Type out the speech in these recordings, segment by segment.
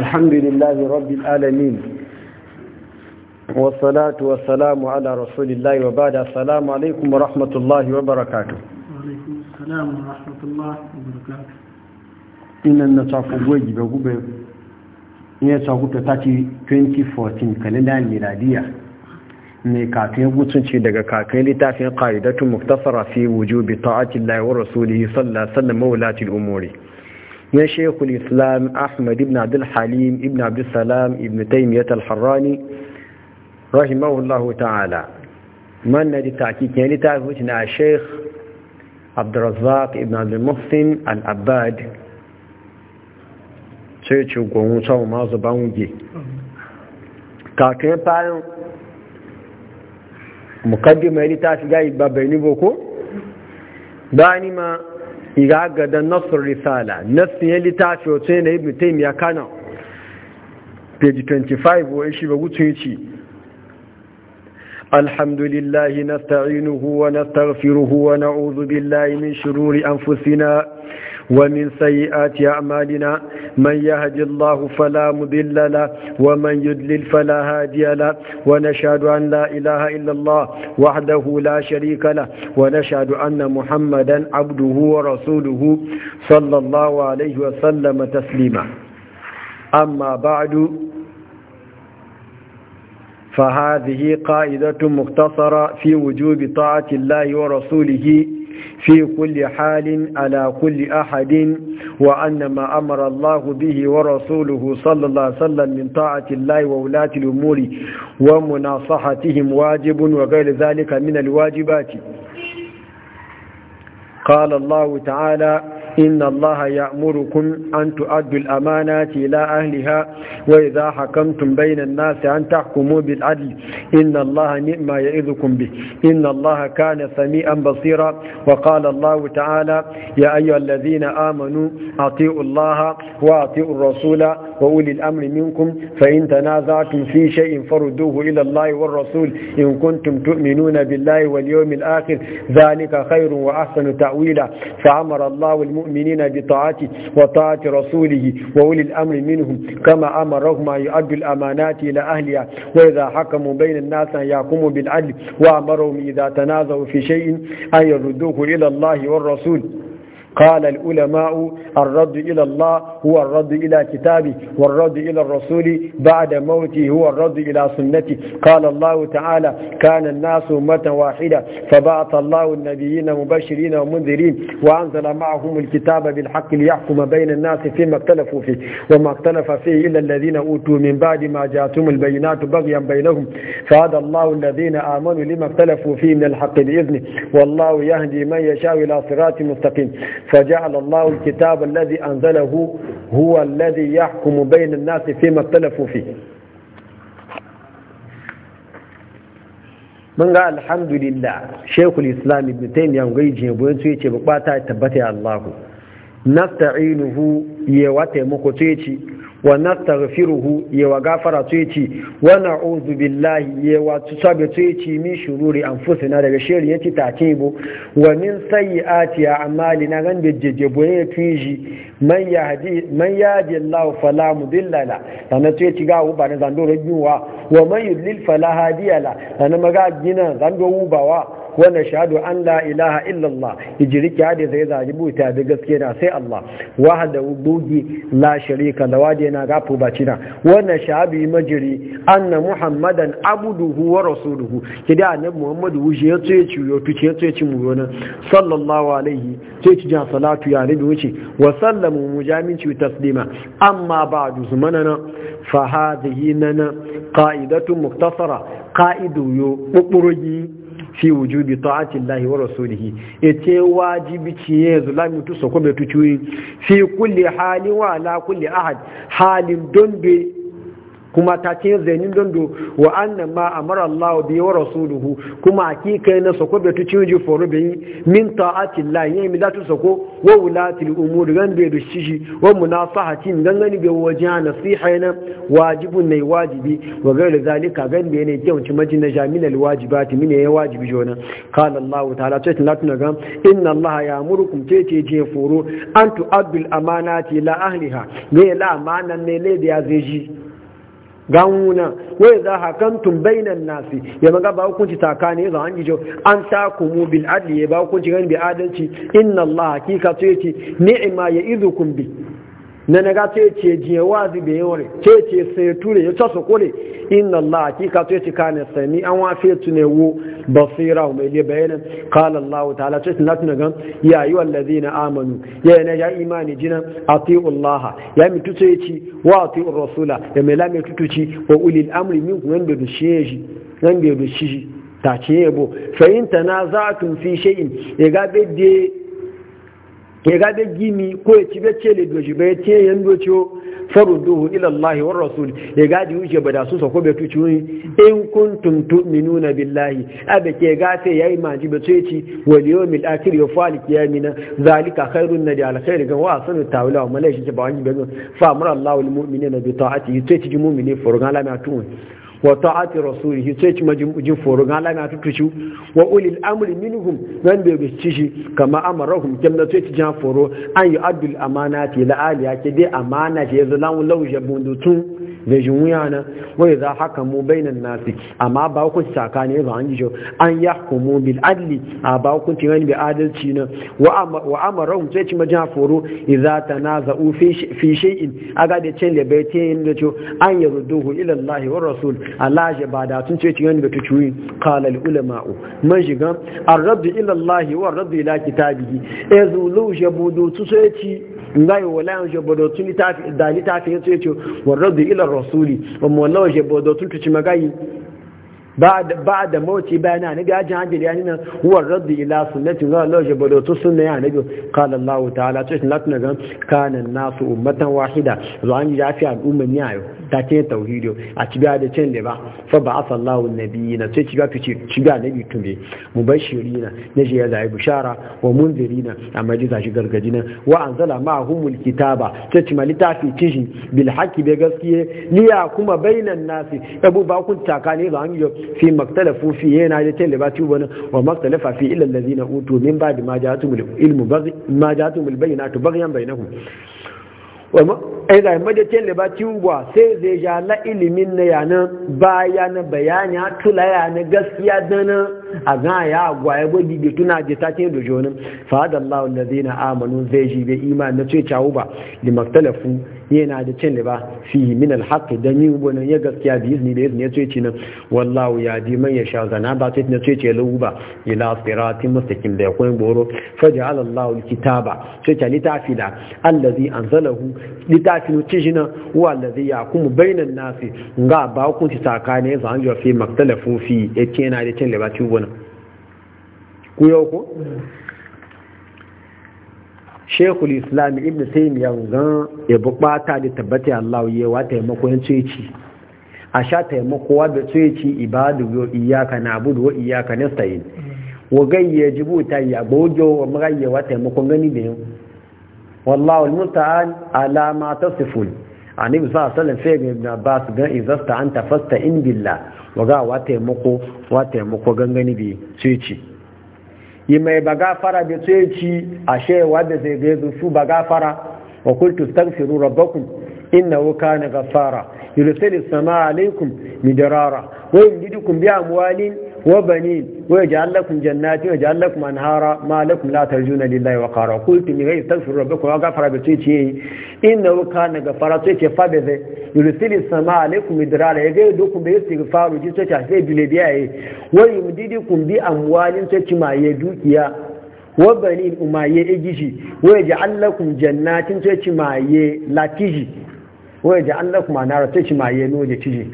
الحمد لله رب العالمين والصلاة والسلام على رسول الله وبعد السلام عليكم ورحمة الله وبركاته وعليكم السلام ورحمة الله وبركاته إن النصف وجب وجب ya saku ta taci 2014 kalendar miladiya mai kafin gutunci daga kakai littafin ƙa'idatun muktasara fi wujubi ta'atillahi wa rasulihi sallallahu alaihi wa sallam mawlatil umuri من شيخ الإسلام أحمد بن عبد الحليم بن عبد السلام بن تيمية الحراني رحمه الله تعالى من الذي تعكيك يعني تعرفنا الشيخ عبد الرزاق بن عبد المحسن العباد سيتشو قوموتا وما زبانجي كاكين بارن مقدمة لتاتي جاي بابيني بوكو باني ما iga ga da nasir risala nasir ya litafi wato ne mutum ya kana page 25 ya shi ba ya yi الحمد لله نستعينه ونستغفره ونعوذ بالله من شرور أنفسنا ومن سيئات أعمالنا من يهد الله فلا مضل له ومن يدلل فلا هادي له ونشهد أن لا إله إلا الله وحده لا شريك له ونشهد أن محمدا عبده ورسوله صلى الله عليه وسلم تسليما أما بعد فهذه قاعدة مختصرة في وجوب طاعة الله ورسوله في كل حال على كل أحد وأن ما أمر الله به ورسوله صلى الله عليه وسلم من طاعة الله وولاة الأمور ومناصحتهم واجب وغير ذلك من الواجبات قال الله تعالى إن الله يأمركم أن تؤدوا الأمانات إلى أهلها وإذا حكمتم بين الناس أن تحكموا بالعدل إن الله نعم يعظكم به إن الله كان سميعا بصيرا وقال الله تعالى يا أيها الذين آمنوا أطيعوا الله وأطيعوا الرسول وأولي الأمر منكم فإن تنازعتم في شيء فردوه إلى الله والرسول إن كنتم تؤمنون بالله واليوم الآخر ذلك خير وأحسن تأويلا فأمر الله المؤمنين المؤمنين بطاعته وطاعة رسوله وولي الأمر منهم كما أمرهم أن يؤدوا الأمانات إلى أهلها وإذا حكموا بين الناس أن يقوموا بالعدل وأمرهم إذا تنازعوا في شيء أن يردوه إلى الله والرسول قال العلماء الرد إلى الله هو الرد إلى كتابه والرد إلى الرسول بعد موته هو الرد إلى سنته قال الله تعالى كان الناس أمة واحدة فبعث الله النبيين مبشرين ومنذرين وأنزل معهم الكتاب بالحق ليحكم بين الناس فيما اختلفوا فيه وما اختلف فيه إلا الذين أوتوا من بعد ما جاءتهم البينات بغيا بينهم فهذا الله الذين آمنوا لما اختلفوا فيه من الحق بإذنه والله يهدي من يشاء إلى صراط مستقيم فجعل الله الكتاب الذي أنزله هو الذي يحكم بين الناس فيما اختلفوا فيه mun ga alhamdulillah shekul islam ibn taymiyyah ngai je boyen su yace bukata tabbata ya Allah nasta'inuhu ya wata muku ce wa nastaghfiruhu ya wa gafara tu yace wa na'udhu billahi ya wa tusabe tu yace min shururi anfusina daga shiri yace takibo wa min sayyiati na gan da jejjebo ya tuji man yahdi man yahdi Allah fala mudilla la sanan to yace ga uba ne zando rajuwa wa man yudlil fala hadiya la na maga gina zando ubawa wa shahadu an la ilaha illallah Allah hijriki hadi zai zaji buta da gaske na sai Allah wahda wudugi la sharika da wadi na gafu bacina wa shahabi majri anna muhammadan abuduhu wa rasuluhu kida annabi muhammadu wuje ya tsaye ci yo tuce ya tsaye ci mu na. sallallahu alaihi sai ci ja salatu ya nabi wuce wa sallamu mujaminci taslima amma ba'du zumanana fa hadhihi nana qa'idatun muktasara qa'idu yo buburugi fi wujubi ta'ati Allah wa rasulihi yace wajibi ci ye zulami to sako tu tuci fi kulli hali wa ala kulli ahad halin don kuma ta ce zainin dondo wa annan ma amara Allah bi wa rasuluhu kuma hakika na sako bai tuci ji foro bai min ta'ati Allah yayi mi tu sako wa wulati al-umur gan bai da shi wa munasahatin gan gani bai wajiha nasiha yana wajibun ne wajibi wa da zalika gan bai ne kyau ci majin na jamin al-wajibati mine ya wajibi jona qala Allah ta'ala ta tana tuna gan inna Allah ya'murukum ce ce je foro an tu'addul amanati la ahliha ne la amanan ne le ya zai ji ganuna wai za hakamtum bainan nasi ya maga ba hukunci takane za an gijo an takumu bil adli ya ba hukunci gani bi adalci inna Allah hakika to yace ya ya'idukum bi na naga ce ce jiye wazi bai yore ce ce sai ture ya tasu kone inna Allah hakika to ce kane sami an wafe tunewo basira mai le bayanin qala Allah ta'ala ce na tunaga ya ayu allazina amanu ya ne ya imani jinan atiu Allah ya mi tuce ci wa atiu rasula ya mai lame tutuci wa ulil amri min wanda da dushi wanda da ta ce yabo fa in tanaza'tum fi shay'in ya ga bidde ya gabe gimi ko ya ci bacce le doji bai ce yan doci faru ila Allah wa rasul ya gadi wuce ba da su sako bai tuci wani in kuntum tu'minuna billahi abe ke gafe yayi maji ba sai ci wal yawmil akhir ya fali kiyamina zalika khairun nadi al khair ga wa sanu tawila wa malaishi ba wani bai fa amara Allah al mu'minina bi ta'atihi sai ci mu'mini furgan la ma wa ta'ati rasulihi sai ci majin foro ga Allah na tutuci wa ulil amri minhum nan bai bici shi kama amarahum kam na sai ci jan foro an yi adul amanati la aliya ke dai amana ce yanzu lan lau jabundutun da jinwiya na wai za haka mu bainan nasi amma ba ku saka ne ba an ji an yahkumu bil adli a ba ku ci wani bi adalci na wa amarahum sai ci majin foro idza tanaza'u fi shay'in aga da cin da bai tayin da an yarduhu ila Allah wa rasul Allah ya ba da sun ce cikin da tucuyi qala ulama'u man shiga ar-radd ila Allah wa ar-radd ila kitabihi ezulu jabudu tusaci ngai wala jabudu tun tafi da ni tafi yace ce wa ar-radd ila rasuli wa mawla jabudu tun tuci magai ba da mawuci bayan annabi ajin hajjiri ya nuna huwar raddi ila sunnati wa Allah ya bado to sunna ya annabi qala Allah ta'ala to shi latna nasu ummatan wahida zo an yi yafi al'umma ni ayo ta ce tauhidiyo a cibiya da can da ba fa ba a na Allahu na sai cibiya fice cibiya nabi tumbe shiri na shi ya zai bishara wa a amma shi gargaji na. wa a anzala ta ba ta ci fi cishi bil haƙi bai gaskiye ya kuma bainan nasi abu ba kun takane ga hanyar. fi maktalafu fi yana da can da ba wani wa maktalafa fi illa zina, utu min ba ma ja'atumul ilmu baghi ma ja'atumul bayyinatu aiza madacin da ba ciwuwa sai zai ja la ilimin e na baya na bayani ya tula na gaskiya dana a ga ya gwaye gwaji bi tuna je ta ce da jonin fa da zai na amanu zai ji bai iman na ce cawu ba limaktalafu yana da cin ba fi min alhaqi da ni ubo ya gaskiya bi izini da izini ya ce ci nan wallahu ya di man ya sha zana ba sai na ce ce lu ba ila siratin mustaqim da yakun boro faj'ala Allahu alkitaba ce ta litafi da allazi anzalahu litafi ci jina nan wa allazi yakum bainan nasi ga ba ku ci tsakane zan jo fi maktalafu fi yake yana da cin ba ci ubo ko shekul islam ibn taimiyya yanzu ya bukata da tabbata Allah ya wa taimako ya ci a sha taimako wa da ci ibadu yo iyaka na wa iyaka na wa gayya jibuta ya bojo wa magayya wa taimako gani da yau wallahu almusta'an ala ma tasifun annabi sallallahu alaihi wasallam sai ibn abbas ga izasta anta fasta in billah wa ga wa taimako wa taimako gangani bi ci yi mai ba gafara da tsaye ci a shewa da zai gaizu su ba gafara wa kultu stagfiru na gafara yi ghaffara yursilu samaa alaykum midrara wa yumdidukum bi muwalin وبنين ويجعل لكم جنات ويجعل لكم أنهارا ما لكم لا ترجون لله وقارا قلت من غير تغفر ربكم وغفر بتوتي إنه كان غفر توتي فبذ يرسل السماء عليكم إدرارا يجدكم باستغفار جيتوتي عسي بلبيعي ويمددكم بأموال توتي ما يدوكيا وبنين وما يجيشي ويجعل لكم جنات توتي ما يلاتيجي ويجعل لكم أنهارا توتي ما ينوجي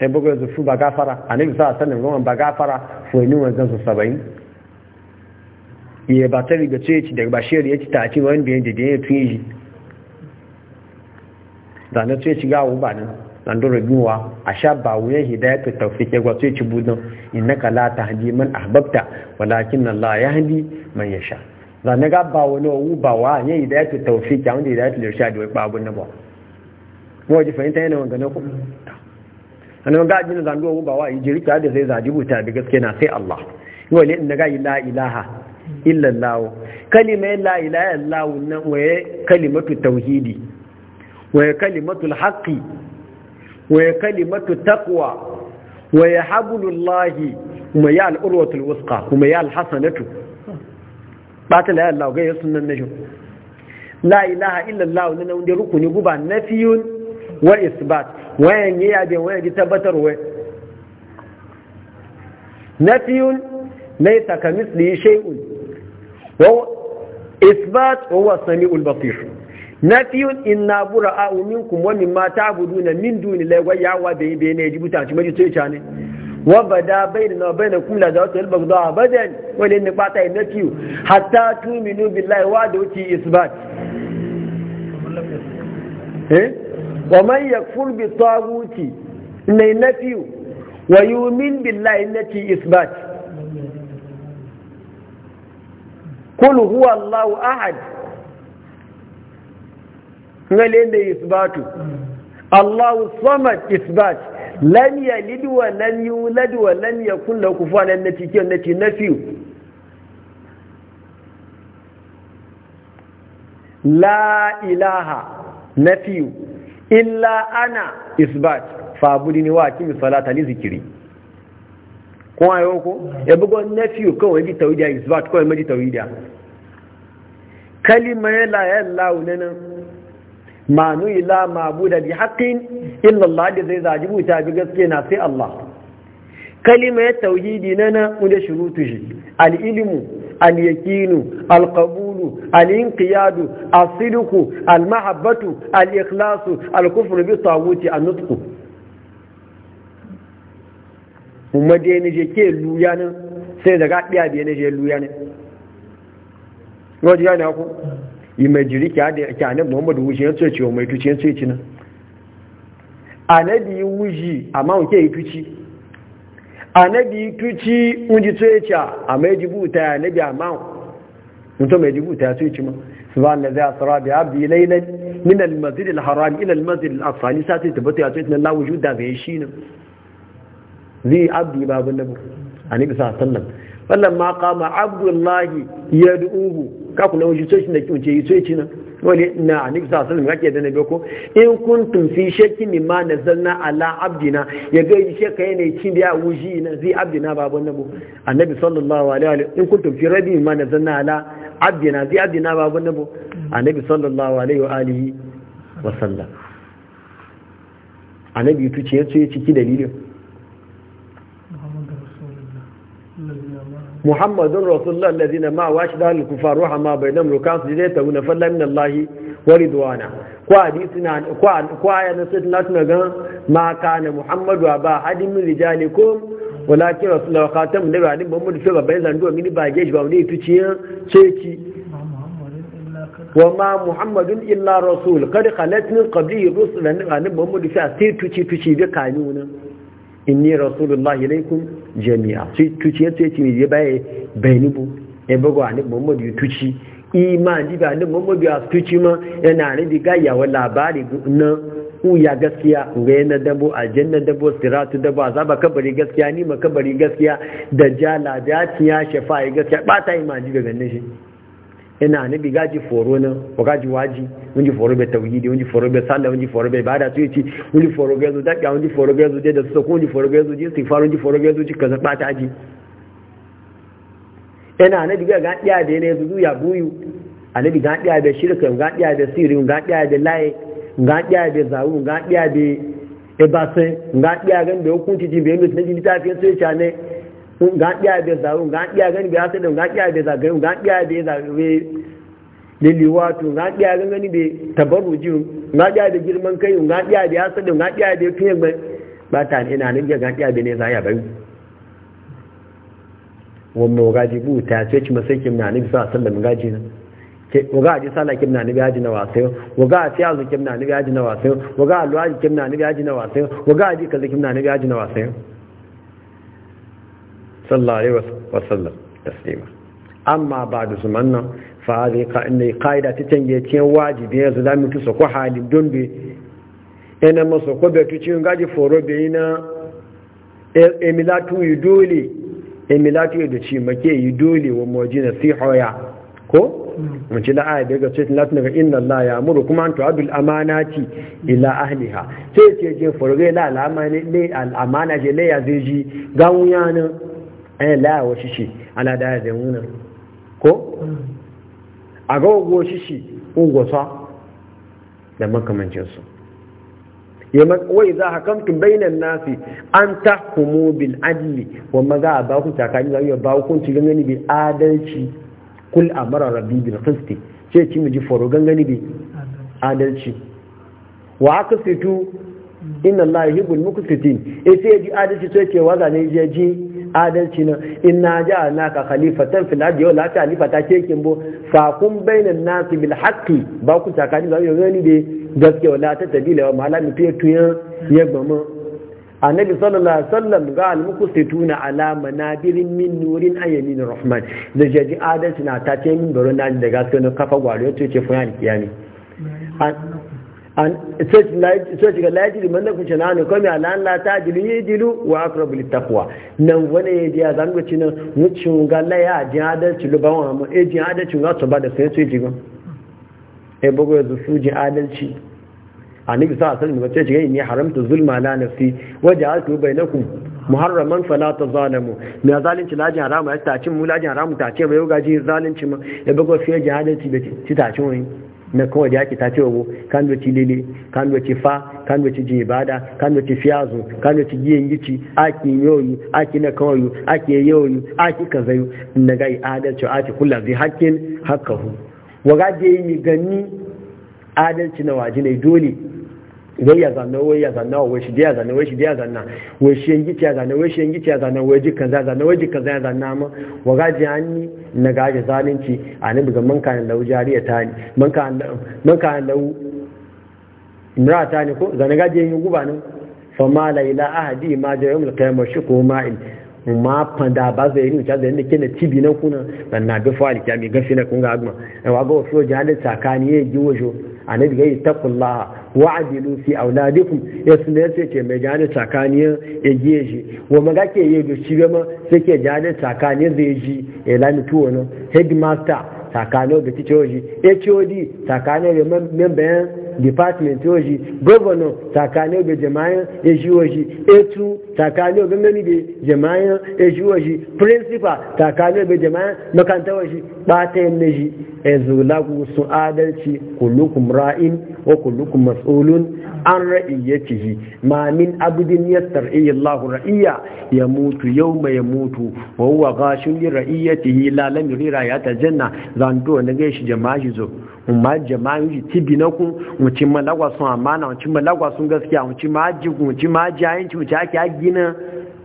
sai bugu da ba gafara a sa sallam goma ba gafara fo ni wannan su 70 ba riga ce daga bashir ya ci ta ci da ya tun yi da na ce ci ga a a sha ba ya gwace da na ga ba wani wa ya hidayatu tawfiq ya wanda hidayatu irshad wai ba abun na a mu ji fahimta annabi ga ajin zan duwa ba wa jiri ta da zai zaji ta da gaske na sai Allah wani inda ga la ilaha illa Allah kalimai la ilaha illa Allah nan waye kalimatu tauhidi waye kalimatu haqqi waye kalimatu taqwa waye hablullahi kuma ya al'urwatul wuska kuma ya alhassanatu ba ta la Allah ga yasun nan najo la ilaha illa Allah nan wanda rukuni guba nafiyun wa isbat wayan yi yabe wayan tabbatar wai. na fiyun laisa ka misli shay'un wa isbat wa in na bura a umin bura'a minkum mata budu na min duni ya wa bai bai na yi jibuta buta ci maji sai cha ne wa bada bainana wa bainakum ba zawatul wani ne wa yi na fiyu hatta tu'minu billahi wa da wuce isbat eh wa man yakfur bi taguti ne nafi wa yumin billahi nati isbat kul huwa allahu ahad ngale ne isbatu allahu samad isbat lam yalid wa lam yulad wa lam yakul lahu kufuwan nati kiyon nati nafi la ilaha nafiyu illa ana isbat fabudi ni wa kimi salata ni zikiri Kuma ayo ko ya bugo nafiyu kawai ji tawhidiya isbat kawai maji tawhidiya kalimar la ya Allah nan manu ila mabuda bi haqqin illa Allah da zai zaji ta bi gaske na sai Allah kalimar tauhidi na wanda shurutu shi al ilmu al yaqinu al qabul الخضوع الانقياد الصدق المحبة الإخلاص الكفر بالطاغوت النطق kuma da yana je ke luya nan sai da gaɗiya da yana je luya nan wajen yana ku yi mai jiri ki hannun muhammadu wuce yan tsoci wa mai tuci yan tsoci nan anabi wuji yi tuci anabi tuci unji tsoci a mai jibuta ya nabi mutum mai dubu ta ce ma min al al-haram ila al al-aqsa ni sai ya ce shi ne zai abdi babu wannan ma qama abdullahi yad'uhu ka kuna wuce sai shi da kiwon ce yi ci nan wani na da nabi ko in kuntum fi shakkin mimma ala abdina ya ga yi shakka yana cin da wuji na zai abdina babu annabi sallallahu alaihi in kuntum fi rabi mimma ala adina zai adina ba abin nabo nabi sallallahu alaihi wa alihi wa sallam nabi tuce ya ce ciki dalilin muhammadun rasulullah allazina ma wa da al kufa ruwa ma bainam rukan su zai tauna na min allah wa wari ko hadisi na ko ko ayatu na tunaga ma kana muhammadu ba hadin min rijalikum walakin rasulullah khatam da radin ban mudu shugaba bayan zanduwa mini ba geji ba wani tuciyan ceci wa ma muhammadun illa rasul kad khalat min qabli rusul an radin ban mudu sha sai tuci tuci da kani nan inni rasulullahi ilaikum jami'a sai tuciyan ceci ne bai bayani bu e bago ani muhammadu tuci iman diga ni muhammadu ya tuci ma yana ni diga wa labari na. uya gaskiya ga yana dabo janna dabo siratu dabo azaba kabari gaskiya ni ma kabari gaskiya da jala da tiya shafa'i gaskiya ba ta yi maji daga nan shi ina bi gaji foro nan ko gaji waji ji foro bai mun ji foro bai sallah ji foro bai to su mun ji foro bai ga mun ji foro bai da su ko ji foro bai su ji mun ji foro bai ji kaza ba ta aji ina bi ga ga dia da ne zuya buyu bi ga dia da shirka ga dia da sirri ga dia da lai nga ɗiya bai zaru nga ɗiya bai ibasai nga ɗiya gan bai hukunci ji bai mutu na ta littafin sai ca ne nga ɗiya bai zaru nga ɗiya gan bai hasa da nga ɗiya bai zagayu nga ɗiya bai zagayu da liwatu nga ɗiya gan gani bai tabaru ji nga ɗiya da girman kai nga ɗiya bai hasa da nga ɗiya bai fiye ba ba ta ne na nan nga ɗiya ne za ya bayu wannan gaji bu ta ce ci masakin na nufi sa sallam gaji nan waga aji sala kim na nabi aji na wasai waga ati azu kim na nabi aji na wasai waga alu aji kim na nabi aji na wasai waga aji kaza kim na nabi aji na wasai sallallahu alaihi wasallam taslima amma ba'da zumanna fa hadhi qa'inni qaida ta canje cin wajibi ya zalami tu so ko halin donbe ina maso ko be tu cin gaji foro be ina e, emilatu yi dole emilatu yi da ci make yi dole wa mojina si hoya ko mace na aya daga cikin latin daga inna Allah ya amuru kuma an amana, amanati ila ahliha sai ce je furge la alamani ne al amana je le ya zeji ga ne eh la wa shishi ana da da wuna ko a ga go shishi ungosa da makamancin su wai za a kamtun bainan nasi an ta kumo bil adli wa maza a baku takani za a yi ba cikin gangani bil adalci kul amara rabbi bil qisti ce ki mu ji foro gangani bi adalci wa aqsitu inna allaha yuhibbul muqsitin e sai ji adalci to ce waza ne je ji adalci na inna ka khalifatan fil ardi wa la ta'lifata ke kin bo fa kun bainan nasi bil haqqi ba ku takani ba yo gani de gaskiya wala ta tabila wa malami fiye tuyan ya annabi sallallahu alaihi wasallam ga almuku almukusituna ala manabirin min nurin ayyamin rahman da jaji adalci na ta ce min baro na da gaske na kafa gwaro ya ce fun kiyami an sai ga laji liman da kuce nanu kome ala an lata dilu yi dilu wa akrabu littaqwa nan wani ya ji azan gaci nan mucin ga laya jin adalci luban wa mu ejin jin adalci ga su ba da sai su ji ga e bugo ya zufu jin adalci annabi sa asali ne wasallam ya ne haramta zulma la nafsi waja'altu bainakum muharraman fala tazalamu me zalunci lajin haramu ya tace mu lajin haramu tace bai yoga ji zalunci ma ya bago fiye jihadati da ci tace wani na kawai da yake ta ce wago kan da ci lele kan da ci fa kan da ci jibada kan da ci fiyazu kan da ci giyan gici aki yoyi aki na kawai aki yoyi aki kazayu na gai adalci aki kullu zai hakkin hakkahu waga da yi gani adalci na waje ne dole zai ya zanna wai ya zanna wai shi ya zanna wai shi ya zanna wai shi yanki ya zanna wai shi yanki ya zanna wai jikan za zanna wai jikan za zanna ma wa gaji hanni na gaji zalunci a nan daga man na lau jariya ta ni man kan lau imra ta ni ko zanna gaji yin guba nan fa ma la ila ahadi ma ja yawmul qiyamah shi ko ma fanda ba zai yi nuca zai nake na cibi na kuna na na bi fa alkiyami gafi na kun ga agma wa ga wasu jihar tsakani ya yi wajo annabi ga ittaqullaha wa'dilu fi auladikum ya suna ya ce mai jani tsakaniyar ya giye shi wa maga ke yi da shi gama sai ke jani tsakaniyar zai ji ya lami tuwo nan headmaster tsakanin da ticoji hod tsakanin da membayan department yoji governor tsakanin ga jama'in eji yoji etu tsakanin ga gani da jama'in eji yoji principal tsakanin ga jama'in makantar yoji bata yin neji ezulagu sun adalci kullukum ra'in wa kullukum mas'ulun an ra'iyyatihi ma min abdin yastar'i Allahu ra'iyya ya mutu yawma ya mutu wa huwa ghashun li ra'iyyatihi la ya yuri ra'yata janna zanto ne ga shi jama'i zo ma jama'a yi tibi na kun wuce malagwa sun amana wuce malagwa sun gaskiya wuce ma ji wuce ma ji ayin ci wuce ake agina na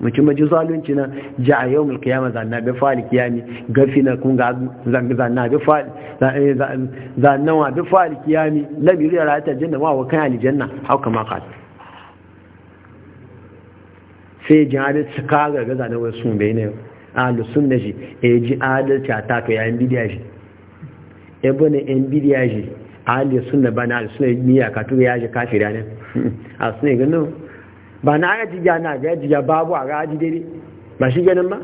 wuce ma ji zalunci na ji a yau mulkiyama zanna bi fali kiyami gafi na kun ga zanna bi fali zanna e, wa bi fali kiyami lamiri ya rayata janna ma wa kan alijanna hau kama kata sai ji adalci ka ga gaza na wasu bai ne a lusun na shi e ji adalci a taka yayin bidiya shi ebe ne yan ya shi a hali suna ba na suna miya ka tuga ya shi kafira ne a suna gano ba na aga jiga na ga jiga babu a ga aji ba shi ganin ba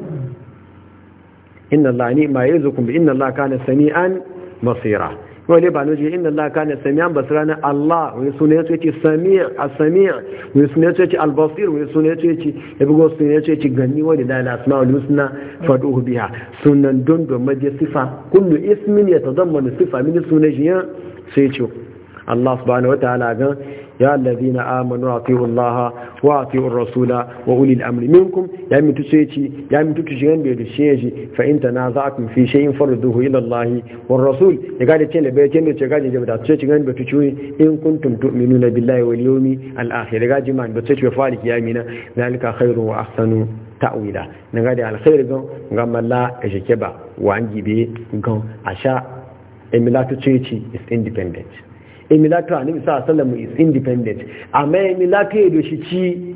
inna Allah ni ma yanzu kuma inna Allah kana sami'an basira wale ba noji inna Allah kana sami'an na Allah wani suna ya ce sami' a wani suna ya ce albasir wani suna ya ce ya bugo suna ya ce gani wani da ala asma wani suna faɗo biya sunan don sifa kullu ismin ya ta zama sifa mini suna jiyan sai ce Allah subhanahu wa ta'ala gan ya allazina amanu atiu Allah wa atiu rasula wa ulil amri minkum ya mitu sai ya mitu ki shigan da shi shi fa in tanaza'akum fi shay'in farduhu ila Allah war rasul ya ga da ce le bai ce ne ce ga je da ce shigan da tuci in kuntum tu'minuna billahi wal yawmi al akhir ga ji man da ce ce fa kiyamina zalika khairu wa ahsanu ta'wila na ga da alkhair gan gan malla ejeke ba wa an gibe gan asha emilatu ce is independent emilatu a nabi a alaihi is independent amma emilatu ya doshi ci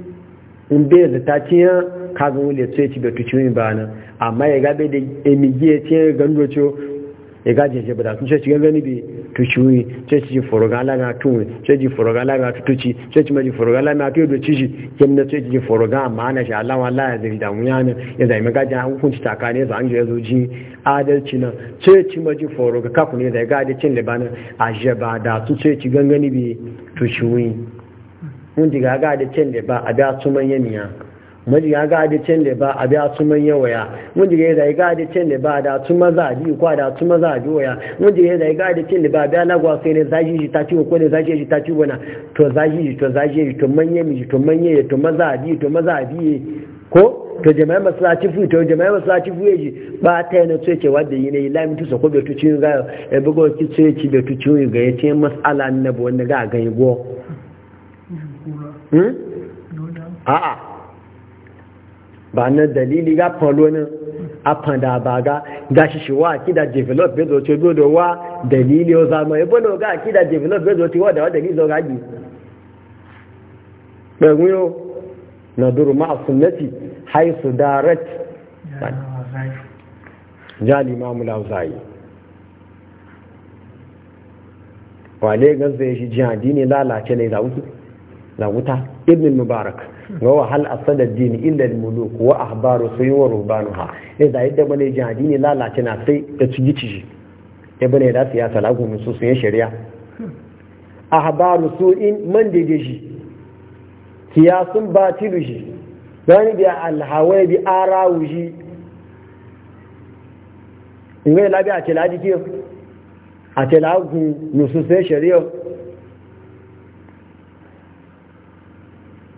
inda ya zata cinya ci wule tsoye ci betu ci ba nan amma ya gabe da emigiyar cinya gandocho ya gaje je da sun ce ci gangani bai tuciwi ceci forogala na tuwe ceci forogala na tutuci ceci maji forogala na tuwe da cishi kim na ceci ji foroga amma ana shi Allah wallahi ya zai damu ya nan ya an maga jan hukunci takane za an ya zo ji adalci na ceci maji foroga kaku ne da ya gadi cin libanin a jeba da su ceci gangani bi tuciwi mun diga gadi cin liba a da su manyan ya maji ya ga da can da ba a biya a manya waya wanda ya zai ga da can da ba da su maza a biyu kwa da su maza a biyu waya wanda ya zai ga da can da ba a biya lagwa sai ne zaji shi ta ci ko ne zaji shi ta ci wana to zaji shi to zaji shi to man mi shi to manya ya to maza a biyu to maza a biyu ko to jama'a masallaci fu to jama'a masallaci fu yaji ba ta yana so ce wadda yi ne yi lamin tusa ko betu ci ga e bugo ki so ki betu ci ga ya ce mas'ala na bo wanda ga ga yi go a'a ba na dalili ga a afanda ba ga gashi shi wa akida develop bezo ce dodo wa dalili o zama ebo no ga akida develop bezo ti wa da dalili zo gaji bengu yo na duru ma sunnati haisu darat jali imam lauzai wale gan zai shi jihadi ne lalace ne za ibn mubarak wa hal asada dini illa al muluk wa ahbaru sai wa rubanuha eh da yadda bane jin ne lalace na sai da ci gici ya eh, bane da siya lagu min su sun shari'a ahbaru su'in man daidai shi kiyasun batilu shi wani da alhawai bi arawu shi in ga labi a ce laji kiyo a ce lagu shari'a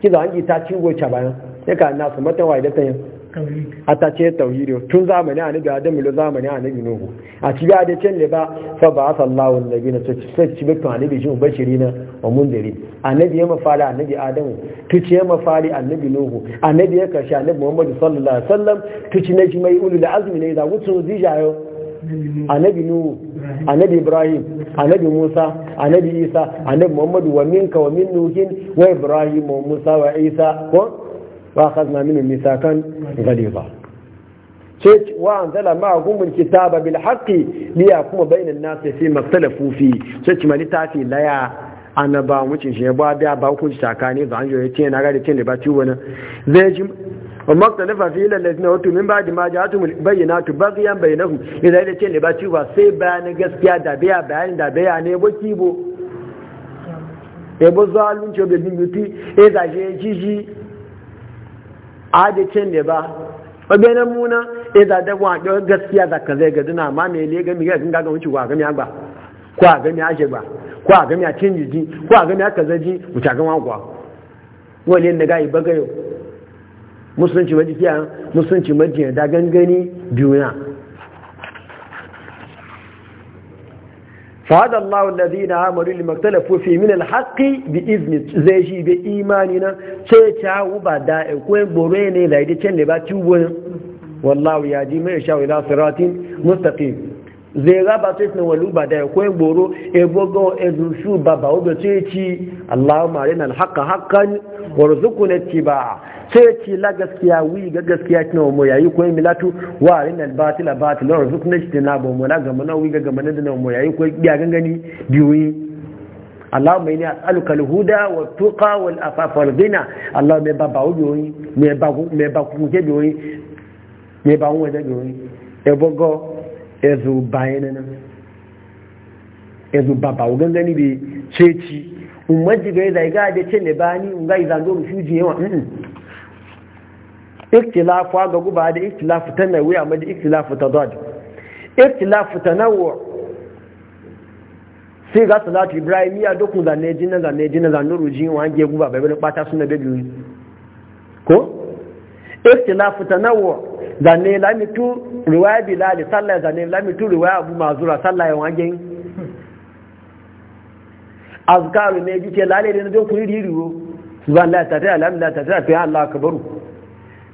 ki za an ta ci goce bayan ya ka na su mata wai da tayin a ta ce tauhidi tun zamani a nabi adam lo zamani a nabi nuhu a ci ga da cin ba fa ba sallahu annabi na to sai ci bitu annabi shi bashiri na wa mundiri nabi ya mafala annabi adam tuci ya mafali nabi nuhu nabi ya karshe nabi muhammadu sallallahu alaihi wasallam tuci na ji mai ulul azmi ne za gutsun zijayo nabi nuhu annabi ibrahim annabi musa annabi isa annabi muhammadu wa minka wa min nuhin wa ibrahim wa musa wa isa ko wa khazna min misakan ghaliba ce wa anzala gumun kitaba bil haqqi yakuma bainan nasi fi maktalafu fi sai ci malitafi laya annaba mucin shi ya ba biya ba ku tsakani zan yo yace na ga da cin da ba ciwo na zai ji وما في الذين أوتوا من بعد ما جاءتهم البينات بغيا بينهم إذا إذا كان لباتي وسي بيان gaskiya da biya bayani da biya ne bo kibo e bo e da jiji a da can da ba ɓabenan muna e da da wa gaskiya da ka zai gaduna ma me le ga ga ga ga wuce wa ga agba ko a ga ashe ba ko a ga mi a cin jiji ko a wani ga yi bagayo musulunci majiya musulunci majiya da gangani duniya fada Allah wadda na amuri limaktala fufi min alhaƙi bi izini zai bi imani na ce cawo ba da'a e kuwa e gboro e ne da ya ne ba ciwo Wallahu ya ji mai ila siratin mustaqim zai raba ta na waluba da ya e kwayin boro ebogo ezusu baba wadda ce ci allahumma rina alhaka hakan warzuku na ci ba ce ci wi ga gaskiya kina wa moyayi kwayin milatu wa na ci na gama na ga ga gama na dana moyayi kwayin biya gangani biyoyi ezu bayanan ezu baba ugan gani bi ceci umar jiga ya zaiga da ce ne bani unga izando rufuji yawa ikhtilafu ga guba da ikhtilafu tanawi amma da ikhtilafu tadad ikhtilafu tanawwu sai ga salatu ibrahimiya dokun zanne jinna zanne jinna zanne ruji wange guba bai bane pata sunna bebi ko ikhtilafu tanawwu zane lamitu riwaya bilali sallah zane lamitu riwaya abu mazura sallah ya wajen azkaru ne jike lalai na don kuri ririwo subhan la ta ta alam la ta ta fi allah akbaru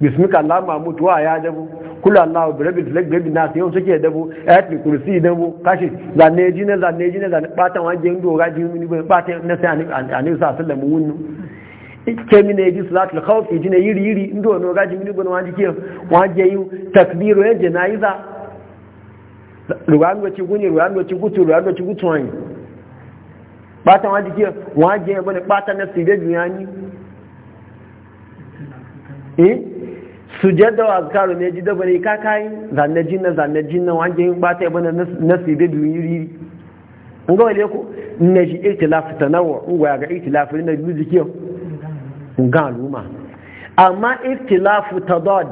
bismika allah mamut wa ya dabu kula allah bi rabbil falak bi nas yau suke dabu ayat kursi dabu kashi zane jine zane jine zane batan wajen doga jini ba batan na a nisa sallah mu wunnu kemi ne ji salatul khawf ji ne yiri yiri ndo no gaji mini gono waji kiyo waje yi takbiru ya janaiza ruwango ci guni ruwango ci gutu ruwango ci gutu wani bata waji kiyo waje ya bane bata na sibe duniya eh sujada wa azkaru ne ji bane ne kakai zanne jinna zanne jinna waje yin bata ya bane na sibe duniya ngawale ko ne shi ikhtilafu tanawwu ngwa ga ikhtilafu ne biyu ga al'umma amma iftilafu tadad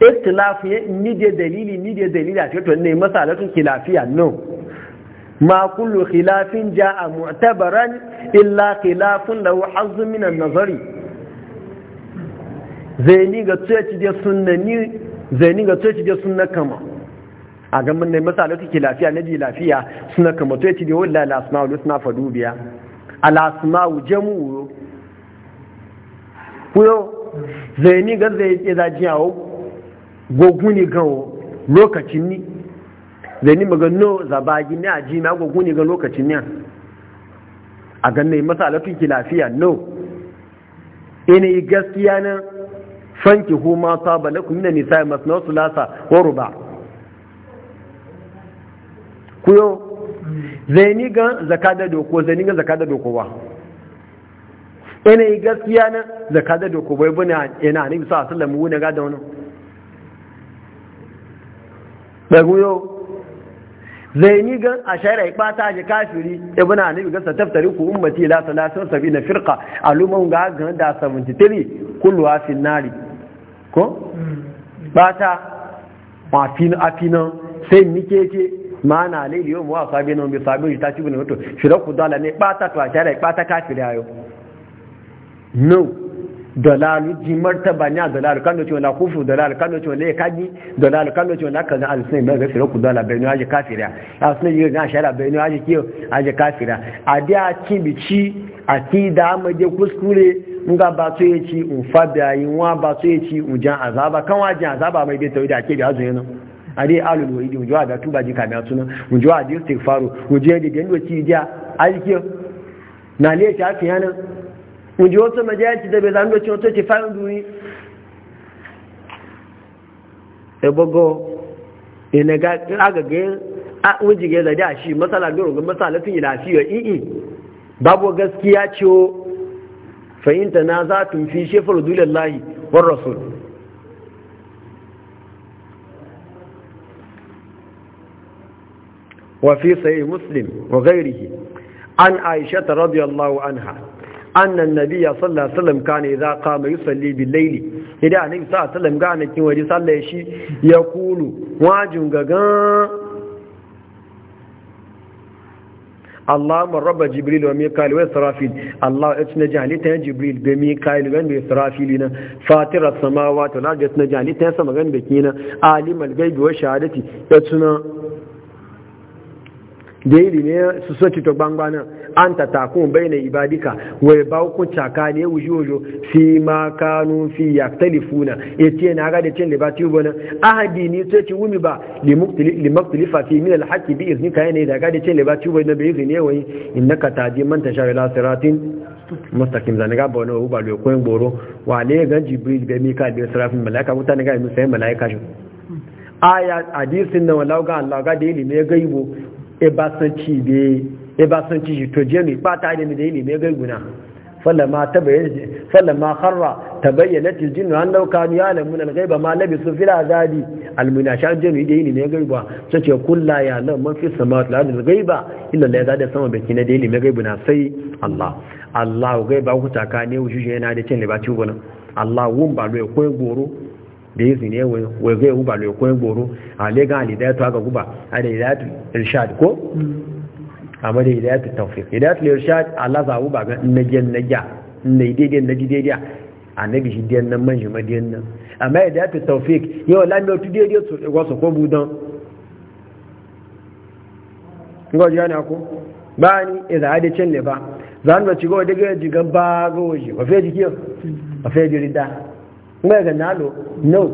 iftilafu ya ni da dalili ni da dalili a cikin ne masalatun khilafiya no ma kullu khilafin jaa mu'tabaran illa khilafun lahu hazzun min an-nazari zaini ga tsoyaci da sunnani zaini ga tsoyaci da sunna kama a ga mun ne masalatun khilafiya na ji lafiya sunna kama tsoyaci da wallahi al-asma'ul husna fadubiya al-asma'u jam'u kuyo zaini ga zai ke za ji yawo goguni gawo lokacin ni zaini ni maga no zabagi ni a ji na goguni ga lokacin ni a ganin yi masa alafin ki lafiya no ina yi gaskiya na fanki hu ma ba na min nisa nasu lasa wa ruba kuyo zaini ga zakada doko zaini ga zakada doko ba. ina yi gaskiya na zaka da doko bai buna ina ne bisa sallan mu wuna ga da wannan dagu yo zai ni gan a shaira ya bata ji kafiri ibn anabi gasa taftari ku ummati la salatun sabina firqa alumun ga ga da 73 kullu hafin nari ko bata mafin afinan sai nike ce mana alayhi mu wa sabina bi sabiri ta ci bin shira shiraku dala ne bata to a shaira ya bata kafiri ayo no dalalu ji martaba nya dolaru kano ce wala kufu dolaru kano ce wala kaji dolaru kano ce wala kaza alsin ba ga fira ku dola bai aje kafira alsin yi ga shara bai aje kiyo aje kafira adi a ci bici a ti da ma je kuskure in ga ba so yaci in fada yi wa ba yi yaci in jan azaba kan wa jan azaba mai bai da ke da azu yana ade alul wa'idi mu jawa da tuba ji kamar suna mu jawa da istighfaru mu je da gando ci ja alkiyo na le ta fiyanan wuje wasu majalci da bai zama cin wato ke fayin duni ebogo ina ga agagaye a wujige da da shi matsala goro ga matsalatin ilafiyar ii babu gaskiya ciwo fahimta na za tun fi shefar dulin lahi war rasul وفي صحيح مسلم وغيره عن عائشة رضي الله عنها annan nabiya sallallahu alaihi wasallam kana idza kama yusalli bil layli idan annabi sallallahu alaihi wasallam ga waje sallah shi ya kulu wajin gagan اللهم رب جبريل وميكائيل وإسرافيل الله اتنا جعلتنا جبريل بميكائيل وإسرافيلنا فاطر السماوات والأرض اتنا جعلتنا سمغان بكينا عالم الغيب وشهادتي اتنا ديلي ne su soci to an ta takun bai na ibadika wai ba ku caka ne wuji wujo fi ma kanu fi ya talifuna ya e ce na gada da cin libati wani ahadi ni sai ci wumi ba limaktilifa fi min alhaki bi izni ka ne da ga da cin libati wani na bai izini yawai ka taji man ta shawila siratin mustakim zane ga bawa na wuba lo goro wa ne gan jibril ga mika da sarafin malaika mutan ga musayin malaika shi aya hadisin na walau ga Allah ga da ilimi ya gaibo e ba san ci be Sai ba san ciki to je mai fata ne mai daini mai gaiguna fallama harra ta bayyana tijjinnu an dauka ni alamun algaiba ma labi su fila zadi almuna shan je mai daini mai gaiguna sun ce kulla ya nan man fi sama su lalata algaiba illa la ya zaɗa sama baki na daini mai gaiguna sai allah allah gaiba ku taka ne wuce shi yana da cin libatin gona allah wun ba lai kwai goro da yi ne wai zai ba lai kwai goro a legan alidaya ta ga guba a da ilshad ko mm. amma da hidayatul tawfiq hidayatul irshad Allah za ba ga na na nagen na ne daidai naji daidai annabi shi diyan nan manji madiyan nan amma hidayatul tawfiq yau la mai tudi daidai su wasu ko budan ngo jani ako bani idza hada cin ne ba zan ba cigo daga jigan ba ga waje ba fe jiki ba fe jirida kuma ga nalo no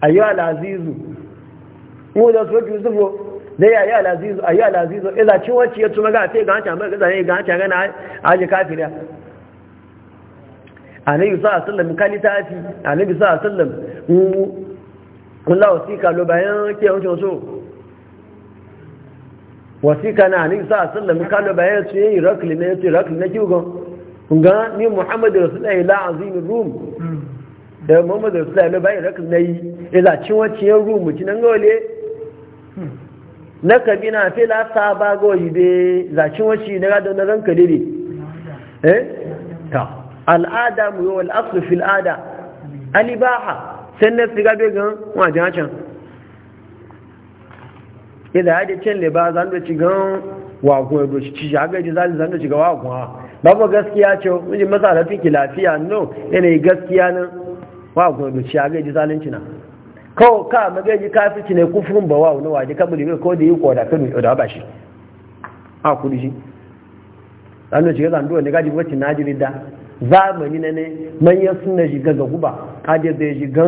ayyuhal azizu mu da so ki zubo da ya yi alazizu a yi alazizu iza cin wacce ya tuma ga ta ga hanci amma ga ga hanci gana aje kafira annabi sallallahu alaihi wasallam kali tafi annabi sallallahu alaihi wasallam Allah wasika lo bayan ke wancin so wasika na annabi sallallahu alaihi wasallam kalo bayan su yi rakli ne su rakli ne kiwon kunga ni Muhammad rasulullahi la azim rum mm. da Muhammad rasulullahi lo bayan rakli ne iza cin wacce ya rum cin nan na kabina sai la ta ba ga waje be zaci wace na ga don ranka dire eh ta al'ada mu yau fi al ada alibaha sai na siga be gan wajen hacan idan hadi cin liba zan da ci gan wa go do ci ya ga ji zan da ci ga wa ko babu gaskiya ce mun ji masa lafi lafiya no ne gaskiya nan wa go do ci ga ji zalunci na kawo ka magaji kafici ne kufurin ba wa wani waje kabuli mai ko da yi ko da kanu da ba shi a kudu shi an ranar shiga zanduwa ne gaji wacce na jiri jirida zamani na ne manyan suna shiga ga guba kaje zai shiga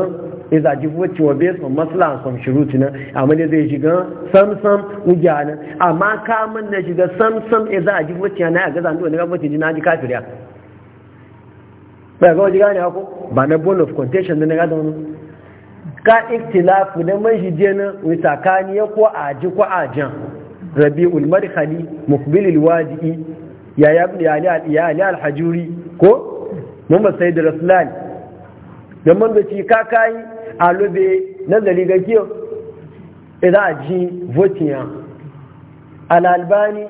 iza ji wacce wa bai sun maslan sun shiruti nan amma ne zai shiga samsam ujiya nan amma kamun na shiga samsam iza a ji wacce na ga zanduwa ne ga wacce na ji kafiriya ba ga wajen gane ako ba na bone of contention na na gada wani ka iktilafu na man shije na tsakani ya ko aji ko ajan rabi'ul madkhali mukbilil wadi'i ya yabni ali al-iyali al-hajuri ko muhammad sayyid raslan da man da ka kai a lobe nazari ga kiyo idan ji votiya al-albani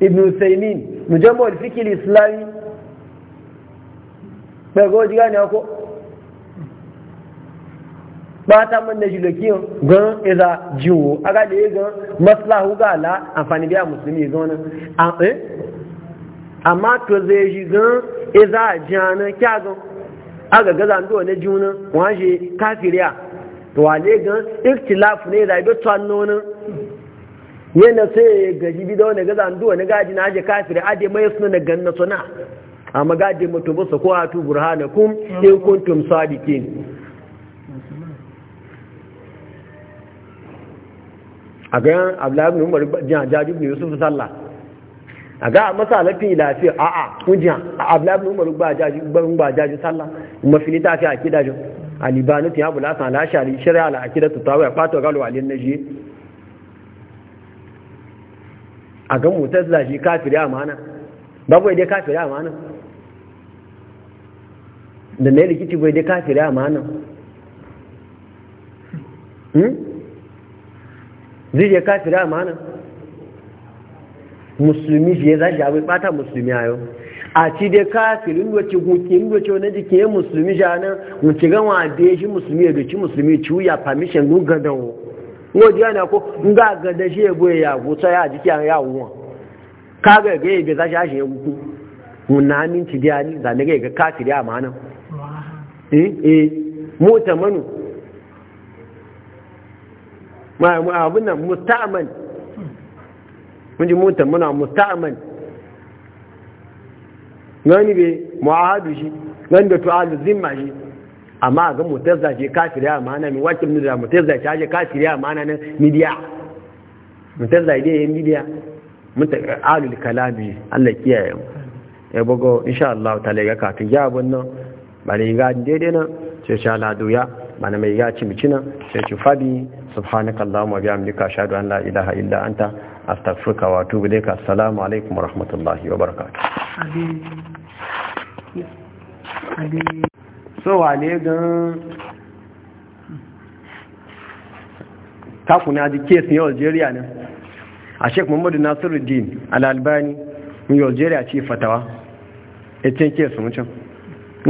ibn usaymin mujammal fikil islami ba go jiga ne ko bata man na jiloki gan iza jiwo aga da gan maslahu ga la amfani biya musulmi ga wani eh? amma to zai ji gan iza jana kya gan aga gaza ndo ne juna waje kafiriya to wale gan ikhtilaf ne da ido tsannonin yana sai gaji bi da wani gaza ndo ne gaji na aje kafiri dai mai suna na ganna suna amma gaji mutum ba su ko hatu burhanakum in kuntum sadiqin a ga abdullahi ibn umar jiya yusuf sallah a ga masa lafi lafiya a a kujiya a abdullahi ibn ba sallah ta fi akida galo alin a ga mutazila shi kafiri babu dai kafiri mana da yi likiti bai dai kafiri amana hmm zai je kafira a mana musulmi shi ya shi abu bata musulmi a yau a ci dai kafirin wace hukin wace wani jikin ya musulmi shi a nan wace gama da ya shi musulmi ya doci musulmi ci wuya permission gun gadon wo ngo diya na ko nga gada shi ya goye ya gusa ya jiki a ya wuwa ka ga ga ya zashi ashe ya guku wunna minci diya ni zane ga ga kafiri a mana eh eh mota manu abin nan musta'aman kunji mutan muna musta'aman gani be ma'adu shi gani da tu'adu zimma shi amma ga mutazza ce kafir a ma'ana mai wakil nuna da mutazza ce aje kafir a ma'ana na midiya mutazza dai yayin midiya muta alul kalabi Allah kiyaye mu ya bugo insha Allah ta ga kafin ya nan bari ga daidai nan ce sha ya mana mai ya ci micina sai ci allahumma bi bihamdika ashhadu an la ilaha illa anta astaghfiruka wa atubu ilayka assalamu alaikum wa rahmatullahi wa barakatuh so wale gan takuna ji kesin algeria ne a sheikh muhammadu nasiruddin albani ni algeria ci fatawa ya e, cin kesin mucin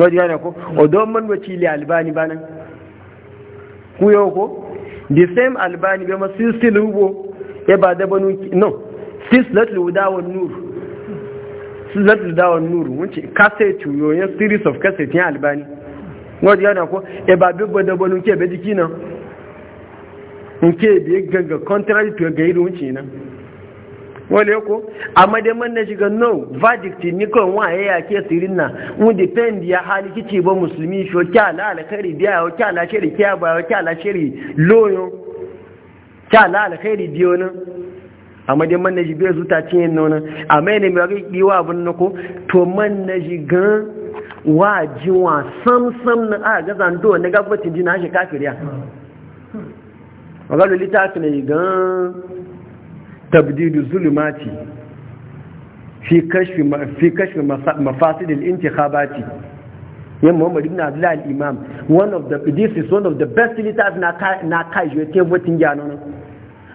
wadda yana ko odo man wacili albani banan kuyo ko the same albani be masu still hubo ya e ba da banu no sislatul wudawar nur sislatul wudawar nur wunce cassette yoyon series of cassette ya albani wadda yana ko ya e ba dubba da banu ke bai jiki nke e bai ganga contrary to ga irin wunce na wale ko amma dai man na shiga no verdict ni ko waye ya ke sirin na mu depend ya hali kici ba musulmi sho kya la alkhairi biya wa kya la shiri kya ba wa kya la shiri loyo kya la alkhairi biyo nan amma dai man na shi bai zuta cin nan amma ne mai ga diwa abun nako to man na shiga wa jiwa sam sam na a ga zando na gabatin jina shi kafiriya wa ga lolita ne gan tabdidu zulumati fi kashfi fi kashfi mafasid al-intikhabati yan muhammad ibn abdullah al-imam one of the this is one of the best leaders na na kai yo te ya jano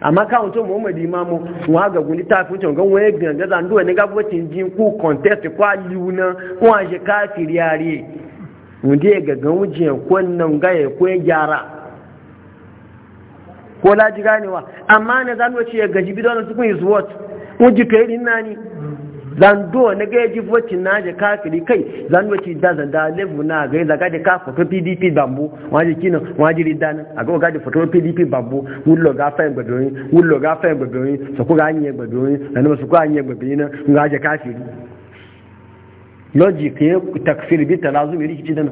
amma ka wonto muhammad imamu wa ga guni ta fi ton gan waye ganga zan duwa ne ga votin jin ku contest kwa liuna ko an je ka tiriari mun je ga gan wujin ko nan ga ya ko yara ko laji ganewa amma za zan ce ya gaji bidon su kun is what mun ji kai rin nani zan do ne ga ji voti na je kafiri kai zan ce da zan da level na ga da ga ka foto PDP bambu ji kino ji ridan a ga ga foto PDP bambu lo ga fa gbadoyin lo ga fa gbadoyin so ku ga anye gbadoyin nan su ku anye gbadoyin ga je kafiri logic ya takfir bi talazumi rikici dana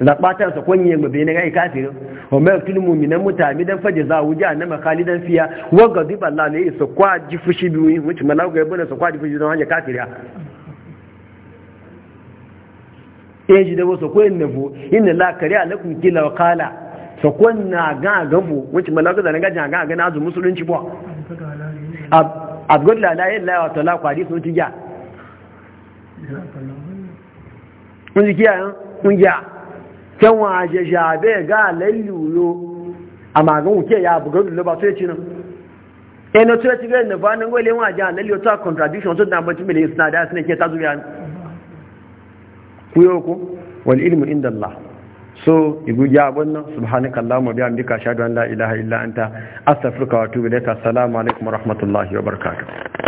zaɓatar sa kwanye ba bai na gai kafirin wa mai tun muminan mutane dan faje za wuji a nama khalidan fiya wa ga zuba Allah ne su kwa ji fushi biyu wuce malawu ga yabona su kwa ji fushi don hanyar kafiriya eh ji da wasu ko yin nafo inna la kariya lakum kila wa qala so kunna ga gabu wuce malawu da ga ga ga na zu musulunci bo abdullahi la ilaha wa ta'ala kwadi sun tija kun ji kiyayen kun kyanwa ajeja bai ga lalluyo a magan wuke ya buga dole ba sai cinan eh na tuya cigar na ba nan gole waje a lalluyo ta contradiction to da mutum ne suna da suna ke ta zuwa ku yau ku wal ilmu inda Allah so ibu ya wannan subhanakallahumma bihamdika ashhadu an la ilaha illa anta astaghfiruka wa atubu ilaika assalamu alaikum wa rahmatullahi wa barakatuh